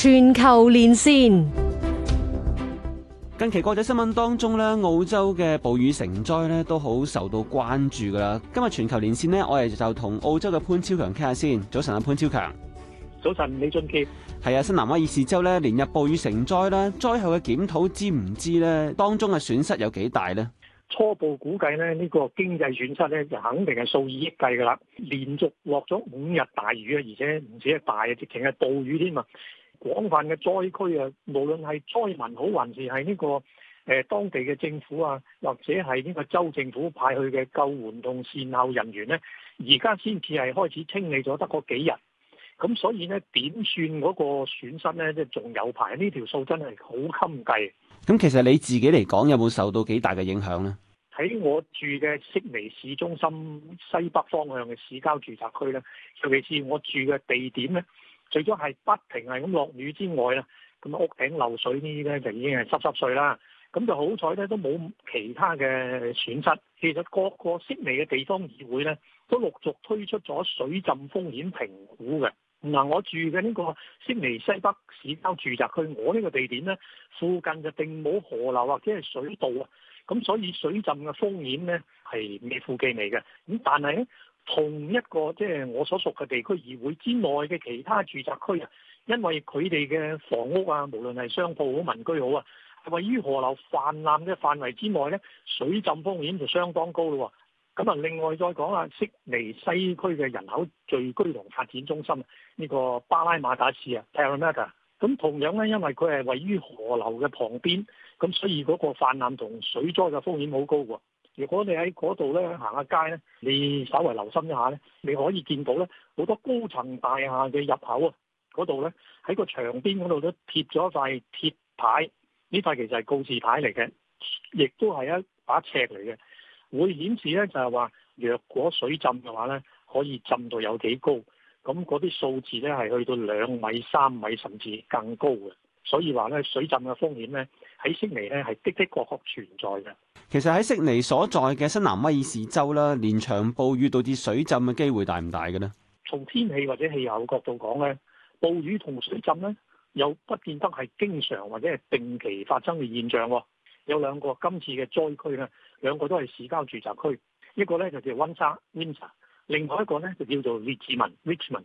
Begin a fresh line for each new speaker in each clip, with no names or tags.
全球連線，近期國際新聞當中咧，澳洲嘅暴雨成災咧，都好受到關注噶啦。今日全球連線咧，我哋就同澳洲嘅潘昭強傾下先。早晨啊，潘昭強，早晨，李俊杰，係啊，新南威爾士州咧連日暴雨成災啦，災後嘅檢討知唔知咧？當中嘅損失有幾大咧？
初步估計咧，呢個經濟損失咧就肯定係數以億計噶啦。連續落咗五日大雨啊，而且唔止係大啊，直情係暴雨添啊！廣泛嘅災區啊，無論係災民好，還是係、這、呢個誒、呃、當地嘅政府啊，或者係呢個州政府派去嘅救援同善後人員呢，而家先至係開始清理咗得嗰幾日。咁所以呢，點算嗰個損失呢？即係仲有排呢條數，條數真係好襟計。
咁其實你自己嚟講，有冇受到幾大嘅影響呢？
喺我住嘅悉尼市中心西北方向嘅市郊住宅區呢，尤其是我住嘅地點呢。除咗係不停係咁落雨之外咧，咁屋頂漏水呢啲咧就已經係濕濕碎啦。咁就好彩咧，都冇其他嘅損失。其實各個悉尼嘅地方議會咧，都陸續推出咗水浸風險評估嘅。嗱，我住嘅呢個悉尼西北市郊住宅區，去我呢個地點咧，附近就並冇河流或者係水道啊。咁所以水浸嘅風險咧係微乎其微嘅。咁但係咧。同一個即係、就是、我所屬嘅地區議會之內嘅其他住宅區啊，因為佢哋嘅房屋啊，無論係商鋪好、民居好啊，係位於河流泛濫嘅範圍之內，呢水浸風險就相當高咯。咁啊，另外再講下悉尼西區嘅人口聚居同發展中心呢、這個巴拉馬達市啊 Parramatta 咁同樣呢，因為佢係位於河流嘅旁邊，咁所以嗰個泛濫同水災嘅風險好高喎。如果你喺嗰度咧行下街咧，你稍微留心一下咧，你可以見到咧好多高層大廈嘅入口啊，嗰度咧喺個牆邊嗰度都貼咗塊鐵牌，呢塊其實係告示牌嚟嘅，亦都係一把尺嚟嘅，會顯示咧就係話，若果水浸嘅話咧，可以浸到有幾高，咁嗰啲數字咧係去到兩米、三米甚至更高嘅。所以話咧，水浸嘅風險咧喺悉尼咧係的滴確確存在嘅。
其實喺悉尼所在嘅新南威爾士州啦，連長暴雨到啲水浸嘅機會大唔大嘅呢？
從天氣或者氣候角度講咧，暴雨同水浸咧又不見得係經常或者係定期發生嘅現象。有兩個今次嘅災區咧，兩個都係市郊住宅區，一個咧就叫溫莎 w i n t e r 另外一個咧就叫做利治文 （Richmond）。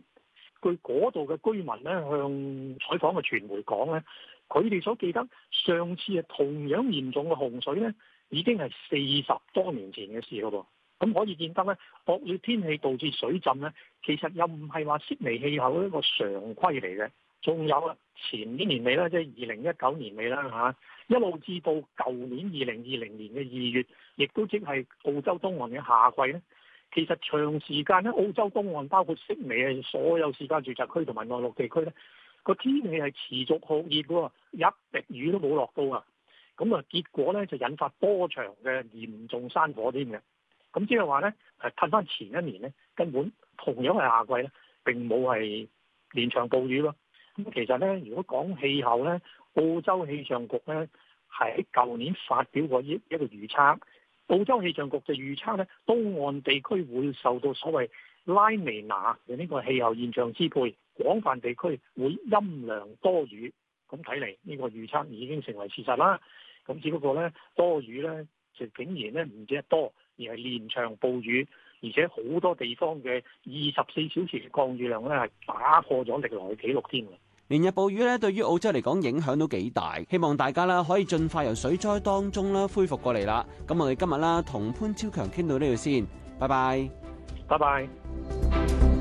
據嗰度嘅居民咧，向採訪嘅傳媒講咧，佢哋所記得上次係同樣嚴重嘅洪水咧，已經係四十多年前嘅事咯噃。咁可以見得咧，惡劣天氣導致水浸咧，其實又唔係話濕微氣候一個常規嚟嘅。仲有前啲年尾咧，即係二零一九年尾啦嚇，一路至到舊年二零二零年嘅二月，亦都即係澳洲東岸嘅夏季咧。其實長時間咧，澳洲東岸包括悉尼嘅所有市區住宅區同埋內陸地區咧，個天氣係持續酷熱嘅，一滴雨都冇落到啊！咁啊，結果咧就引發多場嘅嚴重山火添嘅。咁即係話咧，誒，褪翻前一年咧，根本同樣係夏季咧，並冇係連場暴雨咯。咁其實咧，如果講氣候咧，澳洲氣象局咧喺舊年發表過一一個預測。澳洲氣象局就預測咧，東岸地區會受到所謂拉尼娜嘅呢個氣候現象支配，廣泛地區會陰涼多雨。咁睇嚟，呢個預測已經成為事實啦。咁只不過咧，多雨呢，就竟然咧唔止多，而係連場暴雨，而且好多地方嘅二十四小時嘅降雨量呢，係打破咗歷來嘅紀錄添。
連日暴雨咧，對於澳洲嚟講影響都幾大，希望大家啦可以盡快由水災當中啦恢復過嚟啦。咁我哋今日啦同潘昭強傾到呢度先，拜拜，拜拜。